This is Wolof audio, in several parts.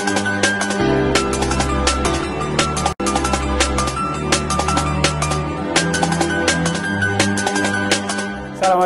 Thank you.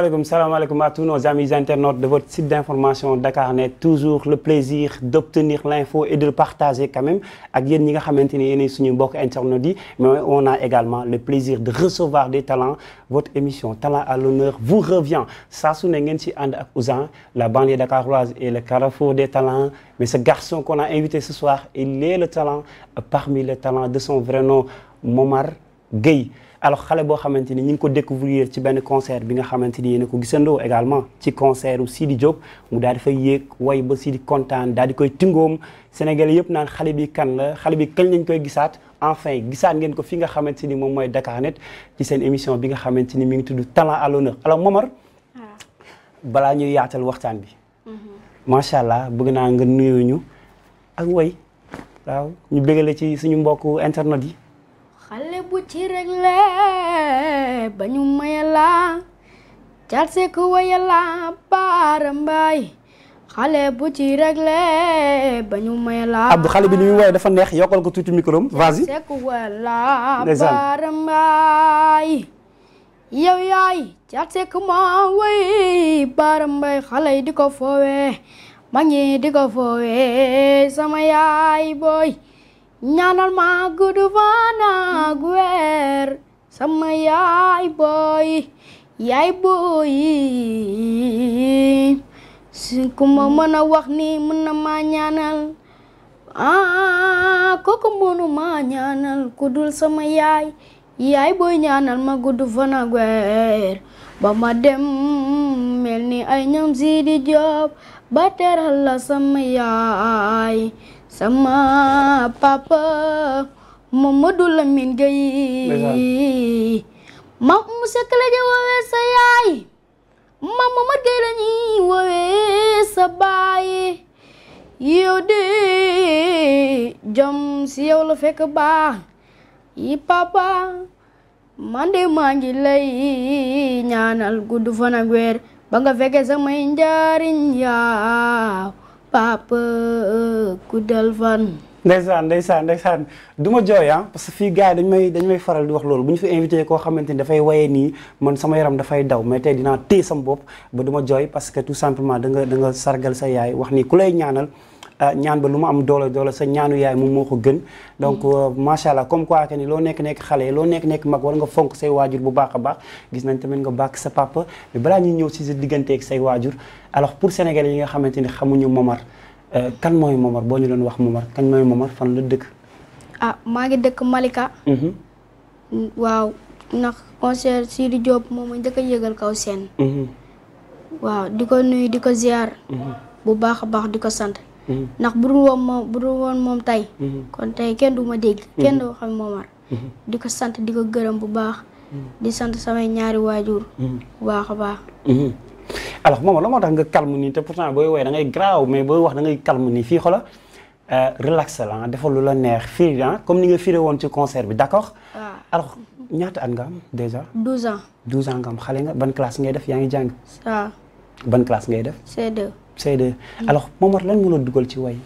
asalaamaaleykum salaamaaleykum à tous nos amis internautes de votre site d'information Dakarnet toujours le plaisir d'obtenir l'info et de le partager quand même ak yéen ñi nga xamante ni yéenay suñu mbokk internautes yi mais on a également le plaisir de recevoir des talents votre émission talent à l'honneur vous revient saa su ne ngeen ci ànd ak Ousan la banlieue dakaroise et le carrefour des talents mais ce garçon qu'on a invité ce soir il le talent parmi les talents de son vrai nom Momar Gueye alors xale boo xamante ni ñu ngi ko découvrir ci benn concert bi nga xamante ni yéen ko gisandoo également ci concert u Sidi Diop mu daal di fay yéeg way ba Sidi kontaan daal di koy tingoom yëpp naan xale bi kan xale bi kañ lañ koy gisaat enfin gisaat ngeen ko fi nga xamante ni moom mooy Dakarnet ci seen émission bi nga xamante ni mi ngi tudd talent à l'honneur alors Momar ah. balaa ñuy yaatal waxtaan bi mm-hmm. macha allah bëgg naa nga nuyoo ñu ak woy waaw ñu bégale ci suñu mbokk internet yi xale bu ci réglé ba ñu mayala car se ku wayala baara mbaay xale bu ci réglé ba ñu mayala Abdou xale bi ni muy woy dafa neex yokkal ko tuuti micro am vas-y car se ku wayala baara yow yaay car se ku ma woy baara mbaay xale yi di ko foowe ma ngi di ko foowe sama yaay booy ñaanal ma gudd fan ak sama yaay booy yaay booy si ku mën a wax ni mën na ma ñaanal ah kooku ma ñaanal ku sama yaay yaay booy ñaanal ma gudd fan ak ba ma dem mel ni ay ñoom si di job ba teral la sama yaay sama papa Mamadou Lamine Gueye maam Moussa Kala di sa yaay maam Mamad Gueye la sa baay yow jom si yow la fekk baax yi papa man de maa ngi lay ñaanal gudd fan ak weer ba nga fekkee may njariñ yaaw Pape eh, Koudel Van. ndeysaan ndeysaan ndeysaan du ma jooy ah parce que fii gars da dañu may may faral di wax loolu bu ñu fi invité koo xamante ni dafay waye nii man sama yaram dafay daw mais tey dinaa téye sama bopp ba du ma jooy parce que tout simplement da nga da sargal sa yaay wax ni ku lay ñaanal. Ah, ñaan ba lu mu am doole doole sa ñaanu yaay moom moo ko gën donc mm. euh, macha allah comme quoi que ni loo nekk nekk xale loo nekk nekk mag war nga fonk say waajur bu baax a baax gis nañ tamit nga bàkk sa papa mais balaa ñuy ñëw sa diggante ak say waajur alors pour sénégalais yi nga xamante ni xamuñu Momar euh, kan mooy Momar boo ñu doon wax Momar kan mooy Momar fan la dëkk. ah maa ngi dëkk Malika. Mm-hmm. Mm, waaw ndax concert Sidi Diop moom mooy dëkk yëgal kaw seen. Mm-hmm. waaw di ko nuyu di ko ziar. Mm-hmm. bu baax a baax di ko sant. Mm-hmm. ndax bu dul woon moom bu woon moom tey. Mm-hmm. kon tey kenn du ma dégg. Mm-hmm. kenn du xam Momar. di ko sant di ko gërëm bu baax. di sant samay ñaari waajur. bu baax a baax. alors Momar la moo tax nga calme nii te pourtant booy woy da ngay graaw mais booy wax da ngay calme nii fii xola euh, relaxé la ah, defal lu la neex firi ah comme ni nga fiire woon ci concert bi d' accord. waaw ah. alors ñaata at nga am déjà. 12 ans 12 ans nga am xale nga ban classe ngay def yaa ngi jàng. waaw ban classe ngay def. c C2 alors Momar lan mu la dugal ci way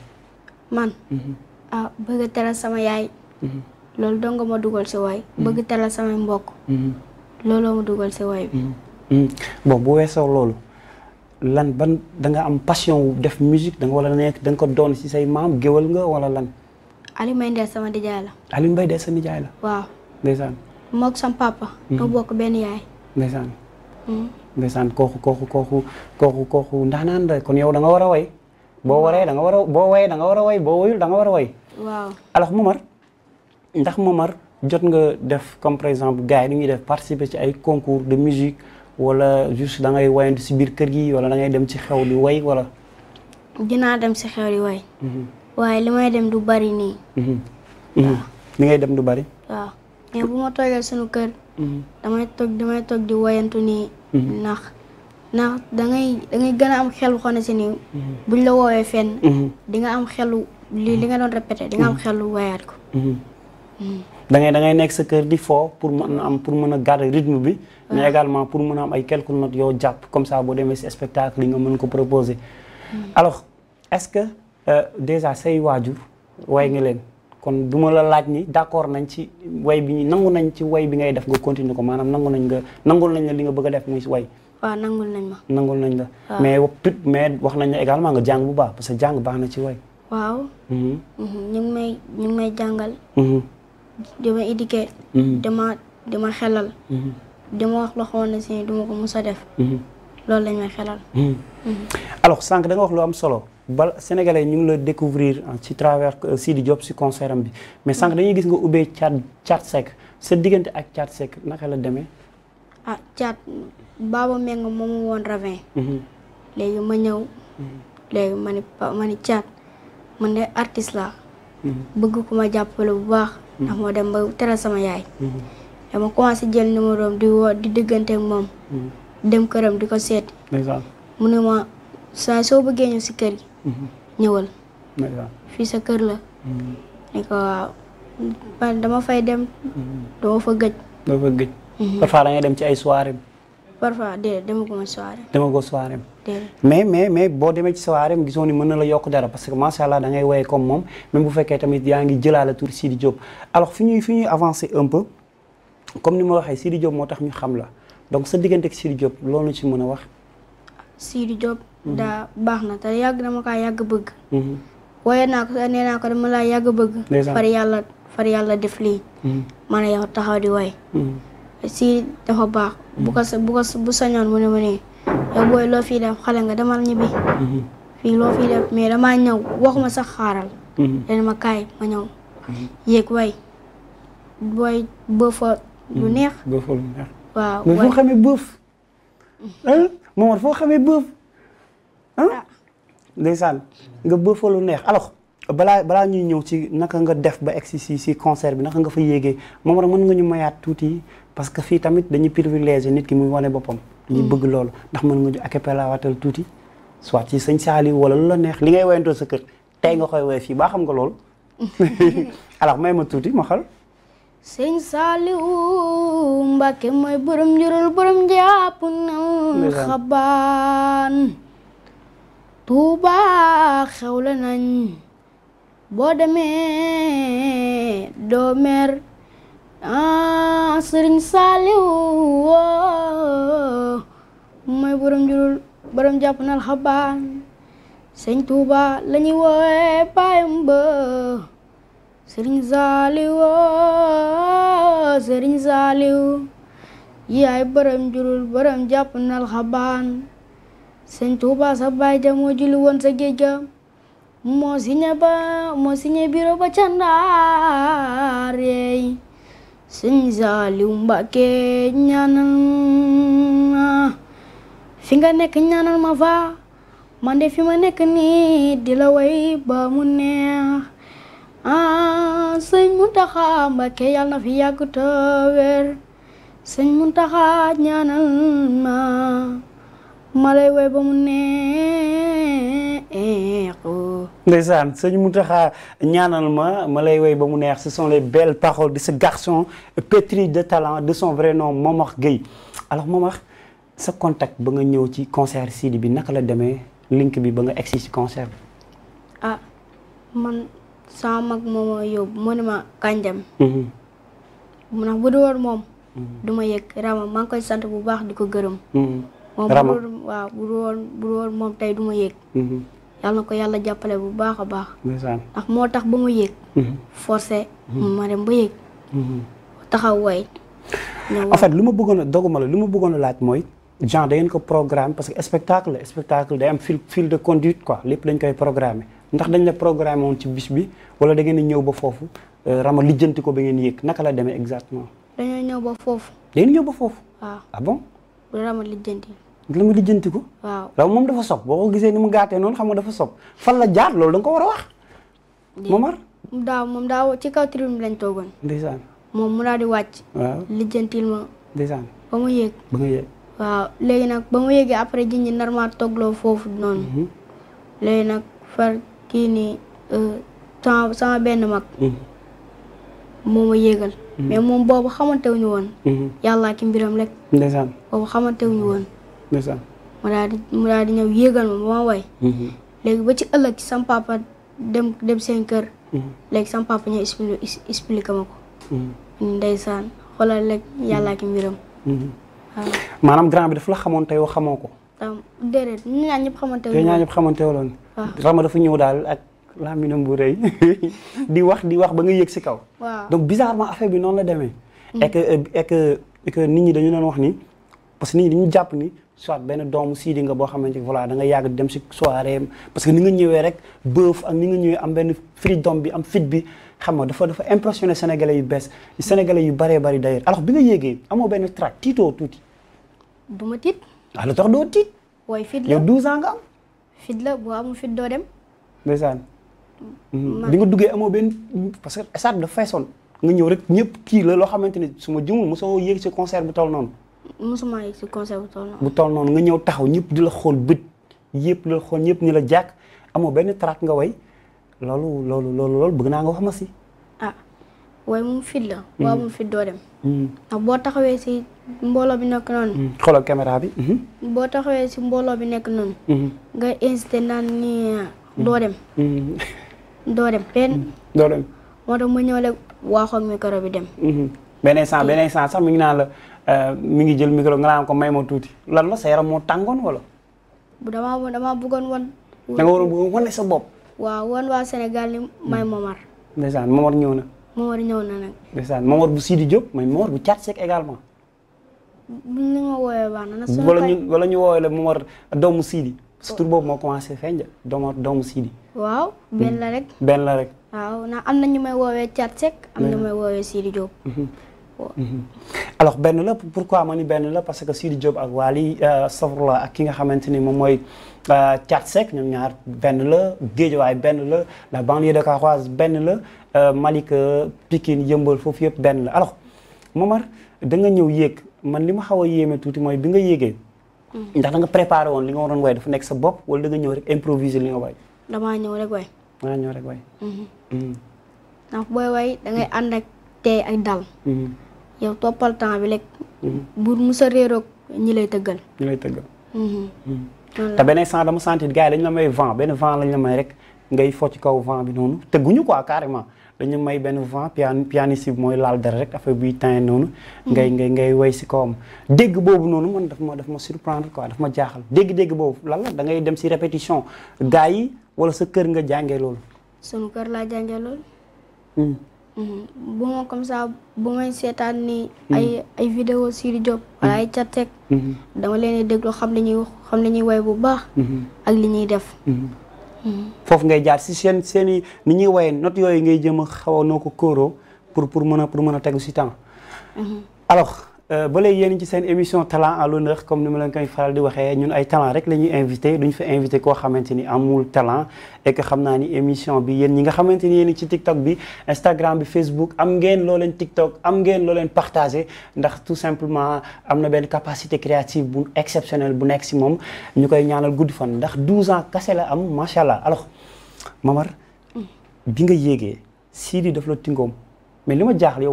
man mhm. ah bëgg teral sama yaay mhm. loolu dong ma dugal si way mhm. bëgg teral sama mbokk looloo ma dugal si way bi bon bu weesoo loolu lan ban danga am passion wu def musique da nga wala nekk da ko doon si say maam géwal nga wala lan Aliou Mbaye Nder sama nijaay la Aliou Mbaye Nder sama nijaay la waaw ndeysaan mook sama papa bokk benn yaay ndeysaan kooku kooku kooku kooku kooku ndaanaan la kon yow da nga a way boo waree da nga war a boo wayee da nga war a way boo wayul da nga a way waaw alors Momar ndax mar jot nga def comme par exemple gars yi dañuy def participer ci ay concours de musique wala juste da ngay wayantu si biir kër gi wala dangay dem ci xew di way wala dinaa dem si xew di way mhm. waaye li may dem du bari nii mhm. Mhm. li dem du bari waaw bu ma toogee sunu kër damay toog di wayantu nii Mhm. ndax ndax dangay dangay gën a am xelu xone si nii mhm. buñ la woowee fenn mhm. di nga am xelu lii li nga doon répété di nga am xelu wayaat ko da ngay nekk sa kër di foo pour mën a am pour mën a garder rythme bi mais également pour mu a am ay quelques notes yoo jàpp comme ça boo demee si spectacle yi nga mën ko proposer alors est-ce que euh, déjà say waajur way nga leen kon du ma la laaj ni d'accord nañ ci way bi ñu nangu nañ ci way bi ngay def nga continuer ko maanaam nangu nañ nga nañ la li nga bëgg a def muy way waaw nangul nañ ma nangul nañ la mais tout wax nañ la également nga jàng bu baax parce que jàng baax na ci way waaw mm-hmm. Mm-hmm. ñu may ñu ngi may jàngal mm-hmm. dama éduquer dama dama xelal dama wax loo xamoon ne si duma ko mos a def loolu lañ may xelal alors sànq da wax lu am solo bal sénégalais ñu ngi la découvrir ci travers euh, Sidi Diop si concert am bi mais sànq dañuy gis nga ubbee Thiat Thiat Seck sa diggante ak Thiat Seck naka la demee. ah Thiat Baba Mbengue moom woon ravin. Mhm. léegi ma ñëw. Mhm. léegi ma ni ma ni Thiat man de artiste mhm. bëgg ku ma jàppale bu baax. ndax moo dem ba teral sama yaay. dama commencé jël numéro di woo di diggante moom. dem këram di ka seet mu saa soo bëggee ñëw si kër ñëwal fii sa kër la ni ko waaw dama fay dem mm-hmm. dama fa gëj dama fa gëj mm-hmm. parfois da ngay dem ci ay soirée parfois déedéet demaguma soirée demagoo mais mais boo demee ci soirée gisoo ni mën na la yokk dara parce que macha allah da ngay woye comme moom même bu fekkee tamit yaa ngi jëlaale tur Sidi Diop alors fi ñuy fi ñuy avancer un peu comme ni ma waxee Sidi Diop moo tax ñu xam la donc sa diggante ak Sidi Diop loolu ci mën a wax Sidi Diop. daa baax na te yàgg dama kaa yàgg bëgg. Mhm. waaye naa ko nee naa ko dama laa yàgg bëgg. far yàlla far yàlla def lii. Mhm. ma ne taxaw di way. Mhm. si dafa baax. bu ko bu sañoon mu ne ma ne yow booy loo fii def xale nga demal ñibbi. fii loo fii def mais damaa ñëw waxuma sax xaaral. dana ma kaay ma ñëw. yéeg way booy lu neex. bëfa lu neex. waaw Momar foo xamee bëf ah. ndeysaan nga bëfa lu neex alors balaa balaa ñuy ñëw ci naka nga def ba egsi si si concert bi naka nga fa yéegee Momar mën nga ñu mayaat tuuti parce que fii tamit dañuy privilégié nit ki muy wane boppam. dañuy hmm. bëgg loolu ndax mën nga ñu acapella waatal tuuti soit ci sëñ Saali wala lu la neex li ngay woyantoo sa kër tey nga koy woy fii baa xam nga loolu alors may ma tuuti ma xal sëñ Saaliwu Mbàkke mooy borom njurul borom jàpp nan xabaan Tuuba xewle nañ boo demee doo mer ah, mooy borom njurul borom jàpp nan xabaan sëñ la ñuy woowee baayam ba sëriñ saaliw oo sëriñ saaliw yaay borom jurul borom jàpp nal xabaan sëñ tuuba sa baay ja moo julli woon sa géej ga moo siñe ba moo siñe biro ba ca Ndar yeey sëñ saaliw mbàkke fi nga nekk ñaanal ma fa man fi ma nekk nii di la way ba mu neex ah sëñ Muntaxa Mbàkke yal na fi yàgg te wér sëñ Muntaxa ñaanal ma ma lay woy ba mu neex. ndeysaan sëñ Muntaxa ñaanal ma lay woy ba mu neex ce sont les belles paroles de ce garçon pétri de talent de son vrai nom Momar Gueye alors Momar sa contact ba nga ñëw ci concert Sidi bi naka la demee link bi ba nga egsi concert bi. Ah, sama mag moom a yóbbu mu ne ma kañ dem. Mhm. mu ne bu du woon moom. Mhm. du ma yëg Rama maa ngi koy sant bu baax di ko gërëm. Mhm. moom bu du woon moom tey du ma yëg. yàlla na ko yàlla jàppale bu baax a baax. ndax moo tax ba mu yëg. forcé ma dem ba yëg. taxaw way. en fait lu ma bëggoon a doguma la lu ma bëggoon a laaj mooy. genre da ngeen ko programme parce que spectacle la spectacle day am fil fil de conduite quoi lépp lañ koy programmer ndax dañ la programme woon ci bis bi wala da ngeen ñëw ba foofu euh, rama lijjanti ko ba ngeen yéeg naka la demee exactement. dañoo ñëw ba foofu. foofu. waaw ah bon. rama lijjanti. rama lijjanti ko. moom dafa sob boo ko gisee ni mu gàttee noonu xam nga dafa sob fan la jaar loolu da ko war a moom Momar. daaw moom daaw ci kaw tribune lañ toogoon. ndeysaan. moom mu daal di wàcc. waaw lijjantil ma. ndeysaan. ba mu yéeg. ba nga yéeg. léegi nag ba yéegee après ji ñi nar maa toogloo foofu noonu. Mhm. léegi nag far. kii nii euh, sama sama benn mag. Mm-hmm. moo ma yéegal. Mm-hmm. mais moom boobu xamante wu ñu woon. Mm-hmm. yàllaa ki mbiram rek. ndeysaan boobu xamante wu ñu woon. ndeysaan mu daal di mu ñëw yéegal ma ba ma way. léegi ba ci ëllëg sam papa dem dem seen kër. léegi sam papa ñëw expliqué ma ko. ndeysaan xoolal rek yàllaa ki mbiram. maanaam grand bi daf la xamoon te yow xamoo ko. Euh, déedéet ñu ñaan ñëpp xamante woon. ñaan ñëpp xamante woon. Rama dafa ñëw daal ak làmmiñam bu rëy di wax di wax ba nga yëg si kaw. waaw donc bizarrement affaire bi noonu la demee. Mm. et nit ñi dañu doon wax ni parce que nit ñi dañu jàpp ni soit benn doomu siidi nga boo xamante voilà da nga yàgg dem si soirée parce que ni nga ñëwee rek bëf ak ni nga ñëwee am benn freedom bi am fit bi xam nga dafa dafa impressionné sénégalais yu bees sénégale yu bëree bëri d'ailleurs alors bi nga yéegee amoo benn trac tiitoo tuuti. du tiit. ah la tax doo tiit. waaye fit la yow 12 nga fit la boo amul fit doo dem. ndeysaan. Mm. Mhm. bi nga duggee amoo benn parce que stade dafa feesoon nga ñëw rek ñëpp kii la loo xamante ni suma ma jëmul mosoo yéeg si concert bu toll noonu. mosuma yéeg si concert bu toll noonu. nga ñëw taxaw ñëpp di la xool bët yëpp di la xool ñëpp ni la jàkk amoo benn traat nga way loolu loolu loolu loolu bëgg naa nga wax ma si. Ah. waaye moom fit la. waaw moom hmm. fit doo dem. Hmm. ndax boo taxawee si mbooloo bi nekk noonu. Hmm. xoolal caméra bi. boo taxawee si mbooloo bi nekk noonu. nga insisté naan ni doo dem. doo dem benn. doo dem moo tax ma ñëw rek waaxoog micro bi dem. beneen beneen sens sax mi ngi naan la euh, mi ngi jël micro nga naan ko may ma tuuti lan la sa yaram moo tàngoon wala. bu damaa damaa bëggoon wan. da nga waroon bëggoon sa bopp. waaw wan waa Sénégal ni may Momar. ndeysaan Momar ñëw na. Momar ñëw bu Sidi Diop mais Momar bu Thiat Seck également. bu ñu wala ñu wala ñu woowee la Momar doomu Sidi. surtout oh. boobu moo commencé feeñ doomu doomu Sidi. waaw hmm. benn la rek. benn am na ñu may woowee Thiat Seck. am na may mhm. Mhm. benn la pourquoi ma ni benn la parce que Sidi Diop ak Wally euh, Safrula ak ki nga xamante ni moom mooy euh, Thiat Seck ñoom ñaar benn la Guédiawaye benn la la banlieue dakaroise benn la Euh, Malika Pikine yëmbal foofu yëpp benn la alors Momar da nga ñëw yéeg man li ma xaw a yéeme tuuti mooy bi nga yéegee. Mm. ndax da nga préparé woon li nga waroon way dafa nekk sa bopp wala da nga ñëw rek improviser li nga way. damaa ñëw rek way. damaa ñëw rek way. Mm-hmm. Mm. ndax booy da ngay ànd ak tey ak dal. Mm-hmm. yow toppal temps bi rek. Mm-hmm. bu musa réeroog ñi lay tëggal. ñi beneen sens dama sentir gars yi la may vent benn vent lañu la may rek. ngay fo ci kaw vent bi noonu ko quoi carrément dañu may benn vent pian pianiste bi mooy laal dara rek affaire buy tànn noonu. Hmm. ngay ngay ngay way si kaw am dégg boobu noonu man daf ma daf ma surprendre quoi daf ma jaaxal dégg-dégg boobu lan la da ngay dem si répétition gars yi wala sa kër nga jànge loolu. sunu kër laa jàngee loolu. Hmm. Hmm. bu ma comme ça bu may seetaan ni. ay ay vidéo Sidy Diop. wala ay cateek. dama leen di déglu xam li ñuy xam li ñuy way bu baax. ak li ñuy def. foofu ngay jaar si seen seen ni ñuy woyee note yooyu ngay jëm a xaw a noo ko kóoroo pour pour mën a pour mën a tegu si temps mhm. Euh, ba léegi yéen ci seen émission talent à l'honneur comme ni ma leen koy faral di waxee ñun ay talent rek la ñuy invité duñ fa invité koo xamante ni amul talan et xam naa ni émission bi yéen ñi nga xamante ni yéen ci TikTok bi Instagram bi Facebook am ngeen loo leen TikTok am ngeen loo leen partagé ndax tout simplement am na benn capacité créative bu exceptionnelle bu nekk si moom ñu koy ñaanal guddi fan ndax 12 ans kase la am macha allah alors Mamar mm. bi nga yéegee Sidi daf mais li ma jaaxal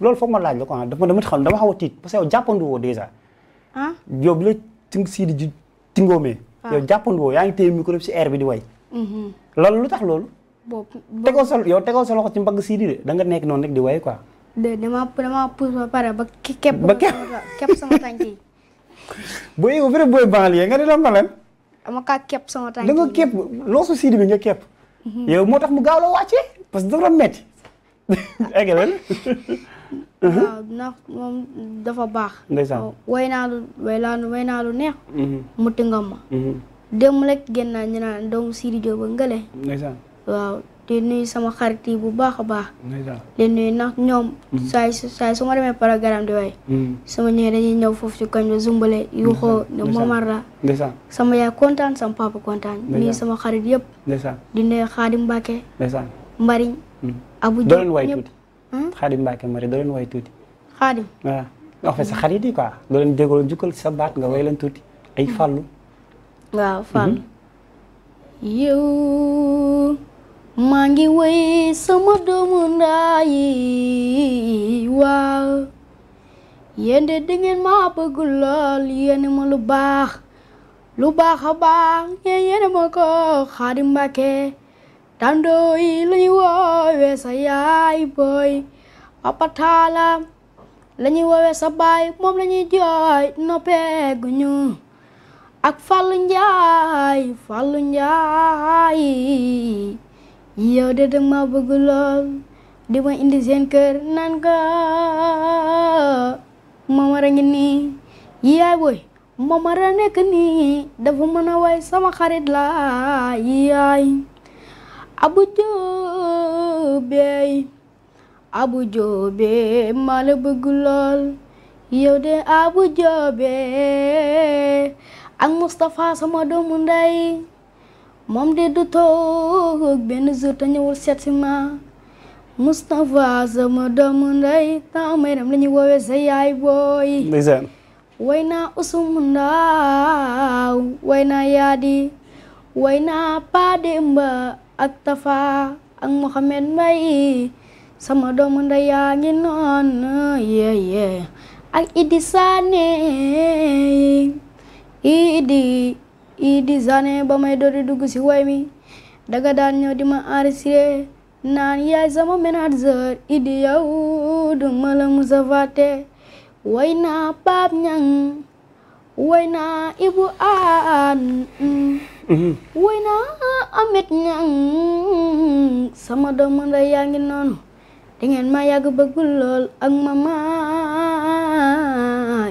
loolu foog ma laaj la quoi daf ma dama xaw a tiit parce que yow jàppandu woo déjà. ah yow bi la Sidy ji tingoomee. Ah. yow jàppandu woo yaa ngi téye micro bi si bi di way. Mhm. loolu lu tax loolu. tegoo sa yow tegoo sa loxo ci mbagg Sidy de da nga nekk noonu rek di way quoi. de dama dama pousse ba pare ba képp. ba képp sama tànk yi. booy yow vrai booy banlieue nga ne la ma leen. dama kaa képp sama tànk yi da loosu Sidy bi nga képp. Mhm. yow moo tax mu gaaw la wàccee parce dafa doon métti. egg Mhm. waaw ndax moom dafa baax. ndeysaan way naa lu way naa lu way naa lu neex. Mhm. mu tëngam ma. Mhm. démb rek génn naa ñu naan doomu Sidi Diop waaw di nuyu sama xarit yi bu baax a baax. ndeysaan di nuyu ndax ñoom. saay saay su ma demee programme di way. sama ñëwee dañuy ñëw foofu ci koñ ba zumbale yu xoo ne sama yaay kontaan sama papa kontaan. nuyu sama xarit yëpp. ndeysaan di nuyu Xaadim Mbacke. ndeysaan Hmm? Xaadim Mbacke Marie doo leen woy tuuti. Xaadim waaw en fait sa xarit yi quoi doo leen déggoo jukkal sa nga woy leen tuuti ay hmm. fàllu. waaw fàllu. Hmm? yow maa ngi woy sama doomu ndaayi waaw yéen de dangeen maa bëgg lool ma lu baax lu baax a baax yéen yéen ma ko Xaadim Mbacke. Dandoy lañuy woowee sa yaay boy Papa Talla lañuy woowee sa baay moom lañuy jooy noppeeguñu ak Fallu Njaay Fallu Njaay yow de danga ma bëgg di ma indi seen kër naan ka mamara ngi nii yaay boy mamara nekk nii dafa mën a way sama xarit la yaay abujo beey abujo beey maa de abujo beey ak Moustapha sama doomu ndey moom de du toog benn jour te ñëwul seet si ma Moustapha sama doomu ndey temps may dem la ñuy woowee sa yaay booy way naa usumu ndaaw way naa yaadi way naa Pademba ak Tafa ak Mohamed Mbaye sama doomu ndey yaa ngi noonu yee yee Idi Sané Idi Idi Sané ba may doori dugg si way mi daga daan ñëw di ma enregistré naan yaay sama manager Idi yow du ma la musa way naa Pape Niang way naa Ibou Anne woy naa amit ñang mm, sama doomu ndey yaa ngi noonu dangeen ma yàgg bëggul lool ak mama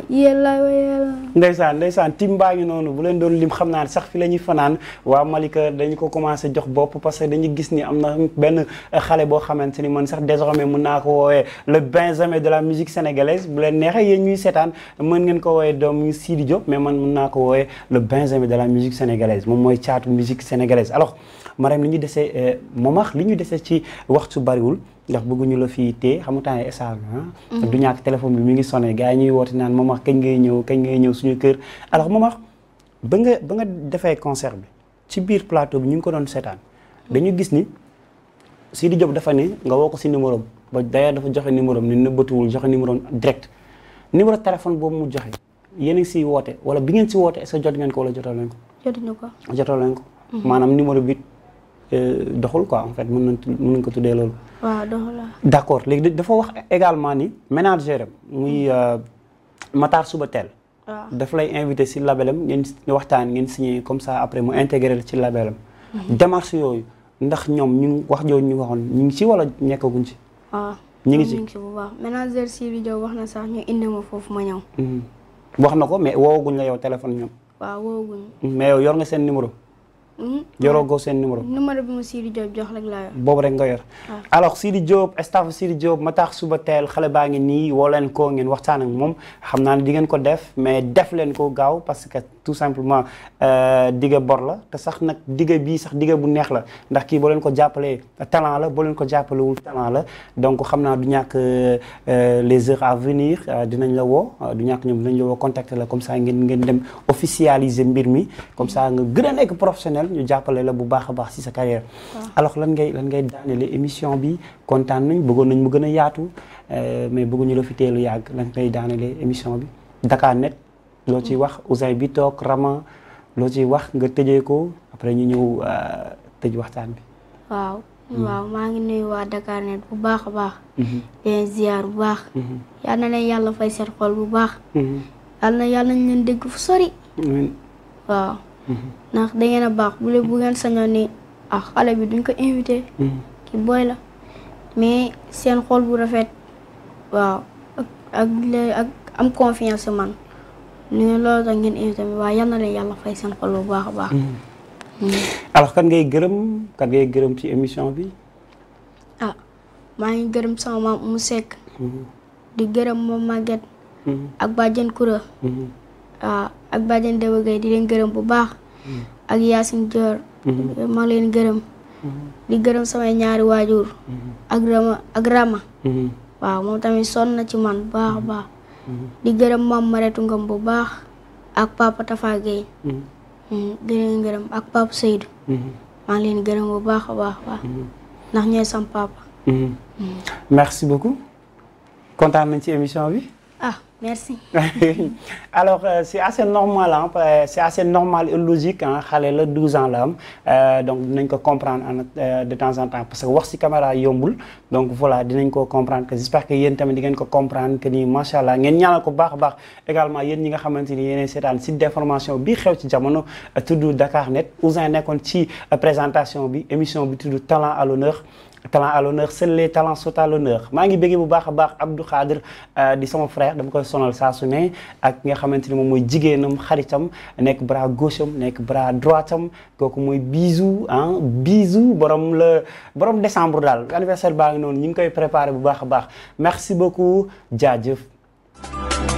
yélla wa yélla ndeysaan ndeysaan tim baa ngi noonu bu leen doon lim xam naa sax fi la ñuy fanaan waa Malika dañu ko commencé jox bopp parce que dañu gis ni am na benn xale boo xamante ni man sax désormais mun naa ko woowee le Benjamin de la musique sénégalaise bu leen neexee yéen ñuy seetaan mën ngeen ko woowee doom Sidi Diop mais man mun naa ko woowee le Benjamin de la musique sénégalaise moom mooy caatu musique sénégalaise alors Marème li ñu desee euh, Momar li ñu desee ci waxtu bariwul ndax bëgguñu la fii téye xamu temps yi essage bi du ñàkk téléphone bi mi ngi sonné gars yi ñuy woote naan Momar kañ ngay ñëw kañ ngay ñëw suñu kër alors Momar ba nga ba nga defee concert bi ci biir plateau bi ñu ngi ko doon seetaan dañu gis ni di Diop dafa ne nga woo ko si numéro ba d'ailleurs dafa joxe numéro ni nëbbatuwul joxe numéro direct numéro téléphone boobu mu joxe yéen a si woote wala bi ngeen si woote est-ce jot ngeen ko wala jotoo leen ko. jotuñu leen ko. Mm-hmm. Euh, doxul quoi en fait mun nañ mën nañ ko tuddee loolu. waaw doxul d' accord léegi dafa wax également ni ménager am muy mm-hmm. euh, Matar Subatel. waaw dafa lay invité si labelam ngeen waxtaan ngeen signé comme ça après mu intégré ci labelam. Mm-hmm. démarche yooyu ndax ñoom ñu wax jooju ñu waxoon ñu ngi ci wala nekkaguñ ci. waaw ah, ñu ngi si ñu ngi ci bu baax ménagère si vidéo wax na sax ñu indi ma foofu ma ñëw. Mm-hmm. wax na ko mais woowaguñ la yow téléphone ñoom. waaw woowaguñ. mais yow nga seen numéro. Hmm? yoroo goo seen numéro. numéro bi mu Sidi Diop jox rek laa yor. boobu rek nga yor. alors Sidi Diop staff Sidi Diop ma tax suba teel xale baa ngi nii woo leen ko ngeen waxtaan ak moom xam naa ne di ngeen ko def mais def leen ko gaaw parce que tout simplement euh, dige bor la te sax nag dige bi sax dige bu neex la ndax kii boo leen ko jàppalee talent la boo leen ko jàppalewul talent la donc xam naa du ñàkk euh, euh, les heures à venir dinañ la woo du ñàkk ñoom dinañ la woo contacter la comme ça ngeen ngeen dem officialiser mbir mi Sénégal ñu jàppale la bu baax a baax ci sa carrière ah. alors lan ngay lan ngay daanele émission bi kontaan nañ bëggoon nañ mu gën a yaatu euh, mais bëgguñu la fi teelu yàgg lan ngay daanele émission bi Dakar Net loo ci mm. wax Ouzin bi toog Rama loo ci wax nga tëjee ko après ñu ñëw euh, tëj waxtaan bi waaw mm. waaw maa ngi nuyu waa Dakar Net bu baax a baax mm-hmm. leen ziar bu baax mm-hmm. yal yàlla fay seen mm-hmm. dégg fu sori waaw ndax dangeen a baax bu leen bu ngeen sañoon ni ah xale bi duñ ko invité. Mm-hmm. ki booy la mais seen xol bu rafet waaw ak ak am confiance man ni ngeen loolu tax ngeen invité mi waaye yal na leen yàlla fay seen xol bu baax a baax. Mm-hmm. Mm-hmm. alors kan ngay gërëm kan ngay gërëm ci émission bi. a ah, maa ngi gërëm sama mu sekk. di gërëm moom Maguette. ak bàjjen Koura. waaw ah, ak bàjjen Daba di leen gërëm bu baax. Hmm. ak Yacine Dior. Hmm. maa leen gërëm. Hmm. di gërëm samay ñaari waajur. ak Rama ak Rama. waaw moom tamit sonn na ci man baax baax. di gërëm maam Maretu Ngom bu baax. ak papa Tafa Gueye. di leen gërëm ak papa Seydou. maa leen gërëm bu baax a baax baax. ndax ñooy merci beaucoup kontaan nañ ci émission bi. Ah. merci. alors euh, c' est assez normal ah c' est assez normal xale la 12 la am euh, donc dinañ ko comprendre en euh, de temps en temps parce que wax ci caméra yombul donc voilà dinañ ko comprendre que j' espère que yéen tamit di ngeen ko comprendre que ni macha allah ngeen ñaanal ko baax a baax également yéen ñi nga xamante ni yéenay seetaan site d' information bi xew ci jamono euh, tudd Dakar Net Ousin nekkoon ci euh, présentation bi émission bi tudd talent à l'honneur talent à l'honneur seuls les talents sont maa ngi béggee bu baax a baax Abdou Khadir euh, di sama frère dam koy sonal saa su ne ak nga xamante ni moom mooy jigéenam xaritam nekk bras gauche am nekk bras droite am kooku mooy bisou ah bisou borom la borom décembre daal anniversaire baa ngi noonu ñu ngi koy préparé bu baax a baax merci beaucoup jaajëf